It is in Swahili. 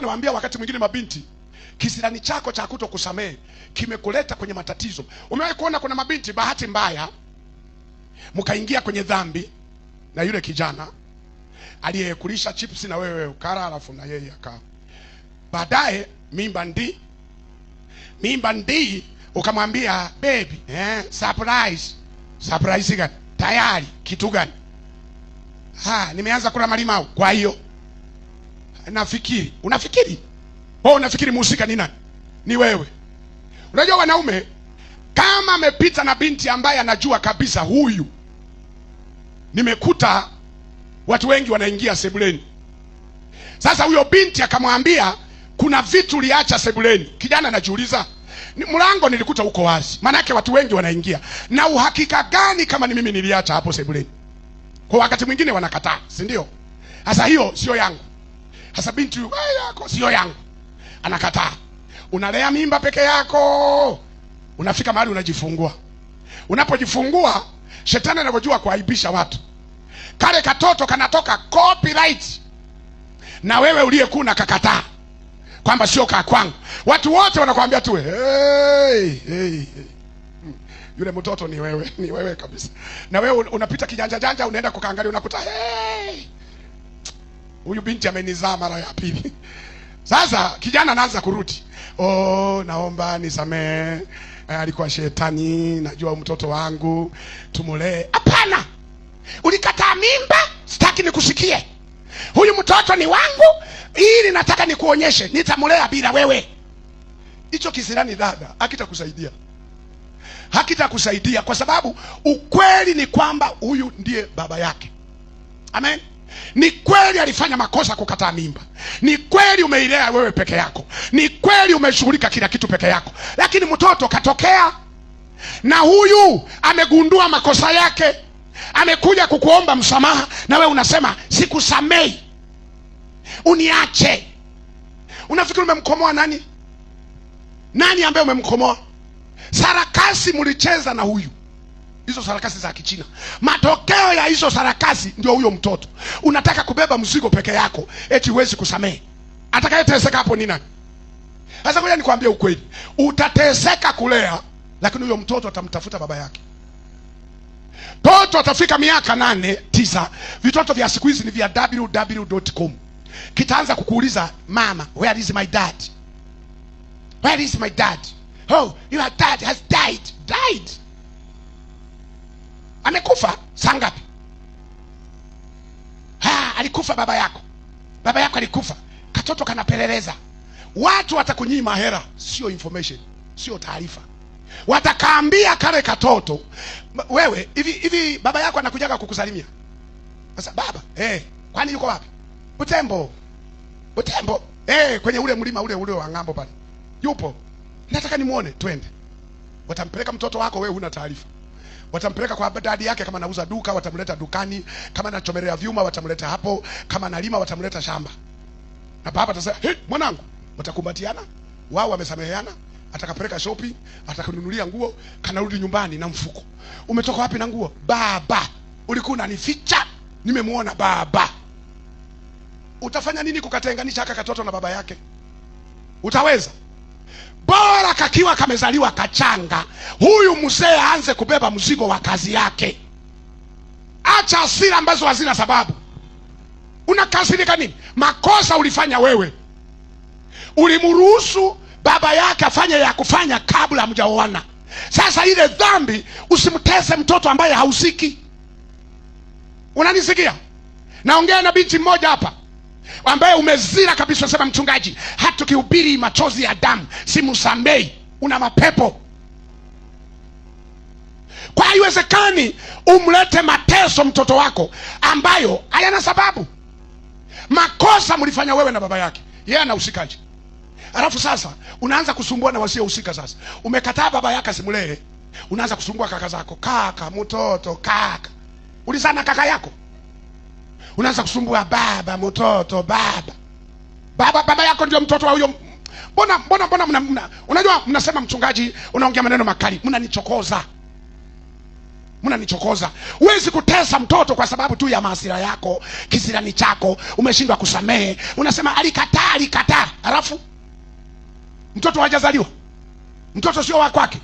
Nawaambia wakati mwingine mabinti, kisirani chako cha kuto kusamehe kimekuleta kwenye matatizo. Umewahi kuona kuna mabinti, bahati mbaya mkaingia kwenye dhambi na yule kijana aliyekulisha chips na wewe ukara, alafu na yeye akaa, baadaye mimba ndi mimba ndi, ukamwambia baby, eh, surprise surprise gani? Tayari kitu gani? Ha, ah, nimeanza kula malimau, kwa hiyo nafikiri. Unafikiri wewe, oh, unafikiri muhusika ni nani? Ni wewe. Unajua wanaume, kama amepita na binti ambaye anajua kabisa huyu, nimekuta watu wengi wanaingia sebuleni. Sasa huyo binti akamwambia kuna vitu liacha sebuleni, kijana anajiuliza mlango nilikuta uko wazi, maanake watu wengi wanaingia, na uhakika gani kama ni mimi niliacha hapo sebuleni? Kwa wakati mwingine wanakataa, si ndio? Sasa hiyo sio yangu hasa binti huyu yako sio yangu, anakataa. Unalea mimba peke yako, unafika mahali unajifungua. Unapojifungua, shetani anavyojua kuaibisha watu, kale katoto kanatoka copyright na wewe uliyekuna kakataa kwamba sio kakwangu kwangu. Watu wote wanakwambia tu hey, hey, hey. Hmm. Yule mtoto ni wewe, ni wewe kabisa. Na wewe unapita kijanja janja, unaenda kukaangalia, unakuta hey. Huyu binti amenizaa mara ya pili. Sasa kijana anaanza kurudi, oh, naomba nisamee, eh, alikuwa shetani, najua mtoto wangu tumulee. Hapana, ulikataa mimba, sitaki nikusikie. Huyu mtoto ni wangu, ili nataka nikuonyeshe, nitamulea bila wewe. Hicho kisirani, dada, hakitakusaidia hakitakusaidia, kwa sababu ukweli ni kwamba huyu ndiye baba yake. Amen. Ni kweli alifanya makosa kukataa mimba, ni kweli umeilea wewe peke yako, ni kweli umeshughulika kila kitu peke yako, lakini mtoto katokea, na huyu amegundua makosa yake, amekuja kukuomba msamaha, na wewe unasema sikusamei uniache. Unafikiri umemkomoa nani? Nani ambaye umemkomoa? Sarakasi mlicheza na huyu hizo sarakasi za Kichina. Matokeo ya hizo sarakasi ndio huyo mtoto. Unataka kubeba mzigo peke yako, eti huwezi kusamehe. Atakayeteseka hapo ni nani? Sasa ngoja nikwambie ukweli, utateseka kulea, lakini huyo mtoto atamtafuta baba yake. Mtoto atafika miaka nane tisa. Vitoto vya siku hizi ni vya www.com. Kitaanza kukuuliza mama, where is my dad? Where is my dad? Oh, your dad has died. Died amekufa saa ngapi? Alikufa baba yako, baba yako alikufa, katoto kanapeleleza. Watu watakunyima hera, sio information, sio taarifa. Watakaambia kale katoto, wewe hivi hivi, baba yako anakujaga kukusalimia sasa. Baba eh, kwani yuko wapi? Butembo, Butembo eh, kwenye ule mlima ule ule wa ng'ambo pale, yupo nataka nimwone, twende. Watampeleka mtoto wako, wewe huna taarifa. Watampeleka kwa dadi yake, kama anauza duka watamleta dukani, kama anachomelea vyuma watamleta hapo, kama analima watamleta shamba. Na baba atasema hey, mwanangu. Watakumbatiana, wao wamesameheana, atakapeleka shopi, atakununulia nguo, kanarudi nyumbani na mfuko. Umetoka wapi na nguo? Baba, ulikuwa unanificha, nimemuona baba. Utafanya nini kukatenganisha haka katoto na baba yake? Utaweza? bora kakiwa kamezaliwa kachanga, huyu mzee aanze kubeba mzigo wa kazi yake. Acha hasira ambazo hazina sababu. Unakasirika nini? Makosa ulifanya wewe, ulimruhusu baba yake afanye ya kufanya kabla hamjaoana. Sasa ile dhambi usimtese mtoto ambaye hausiki. Unanisikia? Naongea na binti mmoja hapa ambaye umezira kabisa, sema mchungaji, hata ukihubiri machozi ya damu simusamei una mapepo. Kwa haiwezekani umlete mateso mtoto wako ambayo hayana sababu. Makosa mlifanya wewe na baba yake, yeye anahusikaje? Alafu sasa unaanza kusumbua na wasiohusika. Sasa umekataa baba yake asimulee, unaanza kusumbua kaka zako, kaka mtoto, kaka ulizana kaka yako unaanza kusumbua baba mtoto, baba baba, baba yako ndio mtoto wa huyo. Mbona mbona mbona mna, mna, unajua mnasema mchungaji, unaongea maneno makali, mnanichokoza, mnanichokoza. Huwezi kutesa mtoto kwa sababu tu ya maasira yako, kisirani chako, umeshindwa kusamehe. Unasema alikataa, alikataa, alafu mtoto hajazaliwa, mtoto sio wa kwake.